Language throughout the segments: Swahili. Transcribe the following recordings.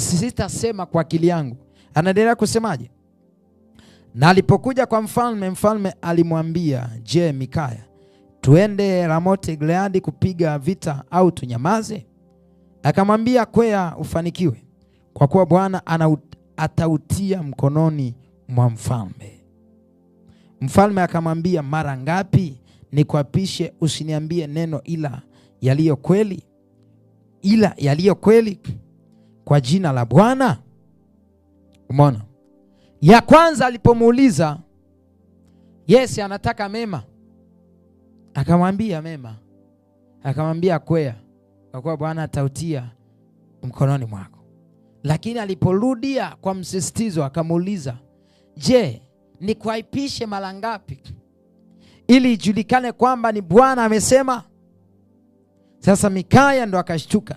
sitasema kwa akili yangu. Anaendelea kusemaje? Na alipokuja kwa mfalme, mfalme alimwambia, je, Mikaya, tuende Ramote Gileadi kupiga vita au tunyamaze? Akamwambia, kwea ufanikiwe, kwa kuwa Bwana atautia mkononi mwa mfalme. Mfalme akamwambia, mara ngapi nikuapishe usiniambie neno ila yaliyo kweli, ila yaliyo kweli? kwa jina la Bwana? Umeona, ya kwanza alipomuuliza Yesu anataka mema, akamwambia mema, akamwambia kwea, kwa kuwa Bwana atautia mkononi mwako. Lakini aliporudia kwa msisitizo, akamuuliza je, nikuaipishe mara ngapi ili ijulikane kwamba ni Bwana amesema? Sasa Mikaya ndo akashtuka.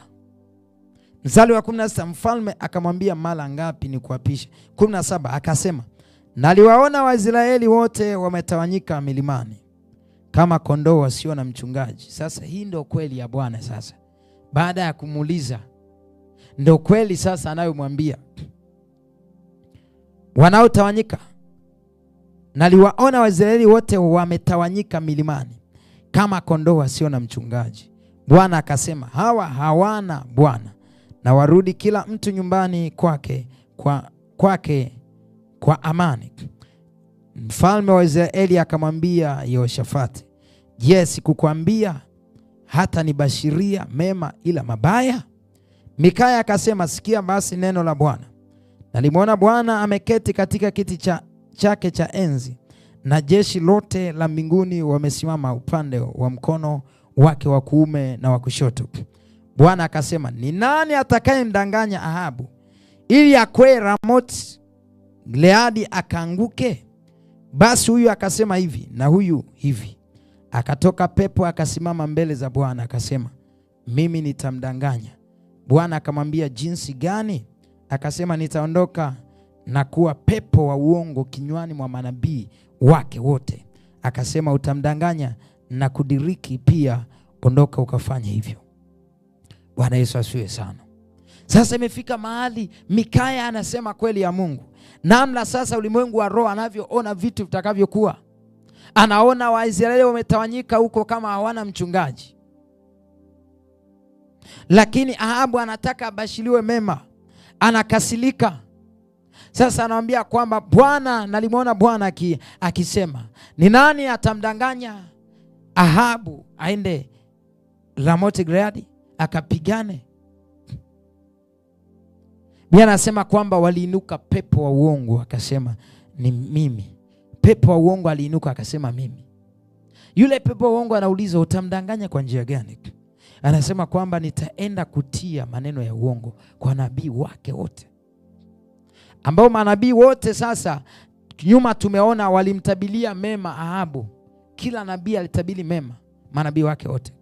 Mstari wa sita mfalme akamwambia mara ngapi ni kuapisha? 17, akasema naliwaona Waisraeli wote wametawanyika milimani kama kondoo wasio na mchungaji. Sasa hii ndo kweli ya Bwana. Sasa baada ya kumuuliza, ndo kweli sasa anayomwambia wanaotawanyika, naliwaona Waisraeli wote wametawanyika milimani kama kondoo wasio na mchungaji. Bwana akasema hawa hawana bwana na warudi kila mtu nyumbani kwake kwa, kwake kwa amani. Mfalme wa Israeli akamwambia Yehoshafati, je, sikukwambia hata nibashiria mema ila mabaya? Mikaya akasema, sikia basi neno la Bwana. Nalimwona Bwana ameketi katika kiti cha, chake cha enzi na jeshi lote la mbinguni wamesimama upande wa mkono wake wa kuume na wa kushoto. Bwana akasema, ni nani atakayemdanganya Ahabu ili akwee Ramoti Gileadi akaanguke? Basi huyu akasema hivi na huyu hivi. Akatoka pepo akasimama mbele za Bwana akasema, mimi nitamdanganya. Bwana akamwambia, jinsi gani? Akasema, nitaondoka na kuwa pepo wa uongo kinywani mwa manabii wake wote. Akasema, utamdanganya na kudiriki pia, ondoka ukafanya hivyo. Bwana Yesu asiwe sana. Sasa imefika mahali Mikaya anasema kweli ya Mungu, namna sasa ulimwengu wa roho anavyoona vitu vitakavyokuwa. Anaona Waisraeli wametawanyika huko kama hawana mchungaji, lakini Ahabu anataka abashiliwe mema, anakasilika. Sasa anawambia kwamba Bwana, nalimwona Bwana akisema, ni nani atamdanganya Ahabu aende Ramoti Gileadi? akapigane? Biblia anasema kwamba waliinuka pepo wa uongo akasema ni mimi. Pepo wa uongo aliinuka akasema mimi. Yule pepo wa uongo anauliza utamdanganya kwa njia gani? Anasema kwamba nitaenda kutia maneno ya uongo kwa nabii wake wote, ambao manabii wote sasa nyuma tumeona walimtabilia mema Ahabu. Kila nabii alitabili mema manabii wake wote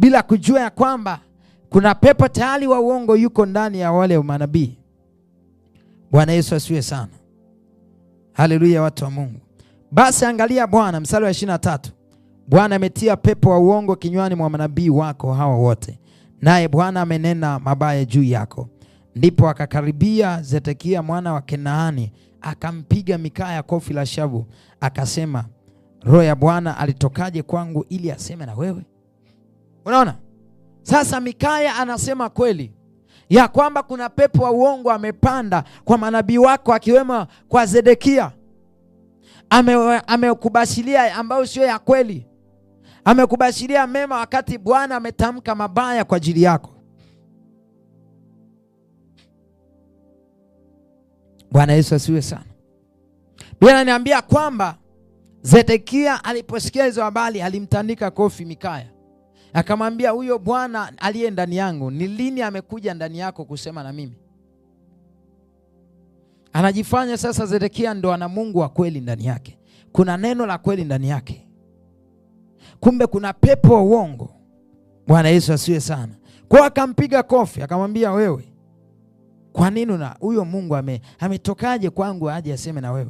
bila kujua ya kwamba kuna pepo tayari wa uongo yuko ndani ya wale manabii. Bwana Yesu asiwe sana. Haleluya, watu wa Mungu. Basi angalia Bwana, mstari wa ishirini na tatu. Bwana ametia pepo wa uongo kinywani mwa manabii wako hawa wote, naye Bwana amenena mabaya juu yako. Ndipo akakaribia Zedekia mwana wa Kenaani, akampiga Mikaya kofi la shavu, akasema, roho ya Bwana alitokaje kwangu ili aseme na wewe? Unaona? Sasa Mikaya anasema kweli ya kwamba kuna pepo wa uongo amepanda kwa manabii wako akiwemo kwa Zedekia. amekubashilia ame ambayo sio ya kweli, amekubashilia mema wakati Bwana ametamka mabaya kwa ajili yako. Bwana Yesu asiwe sana. bila inaniambia kwamba Zedekia aliposikia hizo habari alimtandika kofi Mikaya. Akamwambia, huyo Bwana aliye ndani yangu ni lini amekuja ndani yako kusema na mimi? Anajifanya sasa Zedekia ndo ana Mungu wa kweli ndani yake, kuna neno la kweli ndani yake, kumbe kuna pepo wa uongo. Bwana Yesu asiwe sana kwao. Akampiga kofi akamwambia, wewe kwa nini na huyo Mungu ame, ametokaje kwangu aje aseme na wewe?